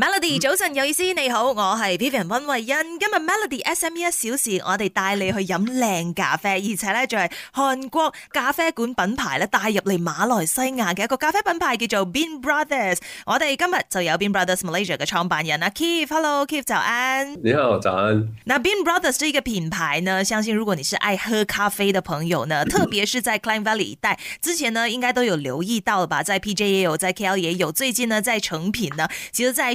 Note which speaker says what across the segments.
Speaker 1: Melody，早晨，有意思，你好，我係 Vivian 溫慧欣。今日 Melody SME 一小時，我哋帶你去飲靚咖啡，而且咧就係、是、韓國咖啡館品牌咧帶入嚟馬來西亞嘅一個咖啡品牌叫做 Bean Brothers。我哋今日就有 Bean Brothers Malaysia 嘅創辦人啊 Keith Hello Keith 早安。你好，早安。那 Bean Brothers 呢一個品牌呢，相信如果你是愛喝咖啡嘅朋友呢， 特別是在 Klang Valley 帶之前呢，應該都有留意到吧？在 PJ 也有，在 KL 也有，有，最近呢在成品呢，其實在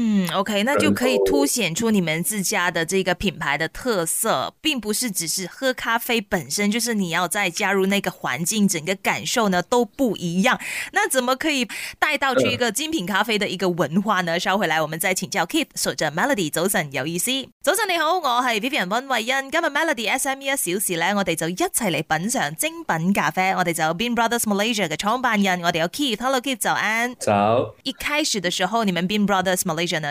Speaker 1: 嗯，OK，那就可以凸顯出你們自家的這個品牌的特色，並不是只是喝咖啡本身，就是你要再加入那個環境，整個感受呢都不一樣。那怎麼可以帶到去一個精品咖啡的一個文化呢？稍回來，我們再請教 Kip。守着 Melody，早晨有意思，早晨你好，我係 B B 人温慧欣。今日 Melody S M E 一小時咧，我哋就一齊嚟品嘗精品咖啡。我哋就有 Bean Brothers Malaysia 嘅創辦人，我哋有 k i t Hello Kip，早安。
Speaker 2: 早。
Speaker 1: 一開始的時候，你們 Bean Brothers Malaysia 呢？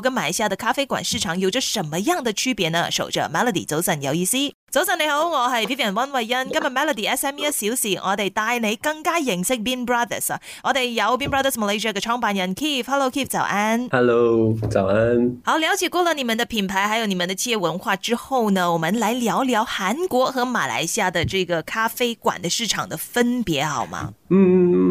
Speaker 1: 跟馬來西亞的咖啡館市場有着什麼樣的區別呢？守着 Melody 早晨有意思，早晨你好，我係主持人溫慧欣。今日 Melody S M E 一小時，我哋帶你更加認識 Bean Brothers 啊！我哋有 Bean Brothers Malaysia 嘅創辦人 Keith，Hello Keith，早安。
Speaker 2: Hello，早安。
Speaker 1: 好，了解過了你們的品牌，還有你們的企業文化之後呢，我們來聊聊韓國和馬來西亞的這個咖啡館的市場的分別，好嗎？嗯、mm -hmm.。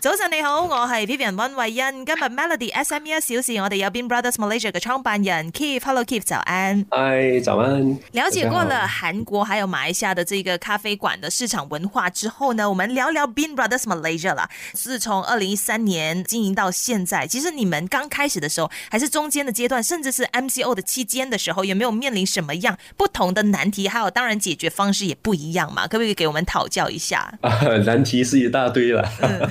Speaker 1: 早晨你好，我是 Vivian 溫慧欣。今日 Melody S M E 一小時，我哋有 Bean Brothers Malaysia 嘅創辦人 Keith，Hello Keith, Keith Keith, 早安。
Speaker 2: Hi，早安。了解過了
Speaker 1: 韓國，還有馬來西亞的這個咖啡館的市場文化之後呢，我們聊聊 Bean Brothers Malaysia 啦。自從二零一三年經營到現在，其實你們剛開始的時候，還是中間的階段，甚至是 M C O 的期間的時候，有沒有面臨什麼樣不同的難題，還有當然解決方式也不一樣嘛。可唔可以給我們討教一下？
Speaker 2: 難、啊、題是一大堆了、嗯